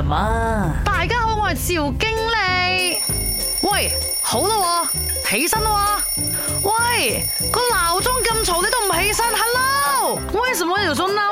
嘛，大家好，我係趙經理。喂，好啦，起身啦，喂，個鬧鐘咁嘈，你都唔起身，Hello，為什麼要鐘鬧？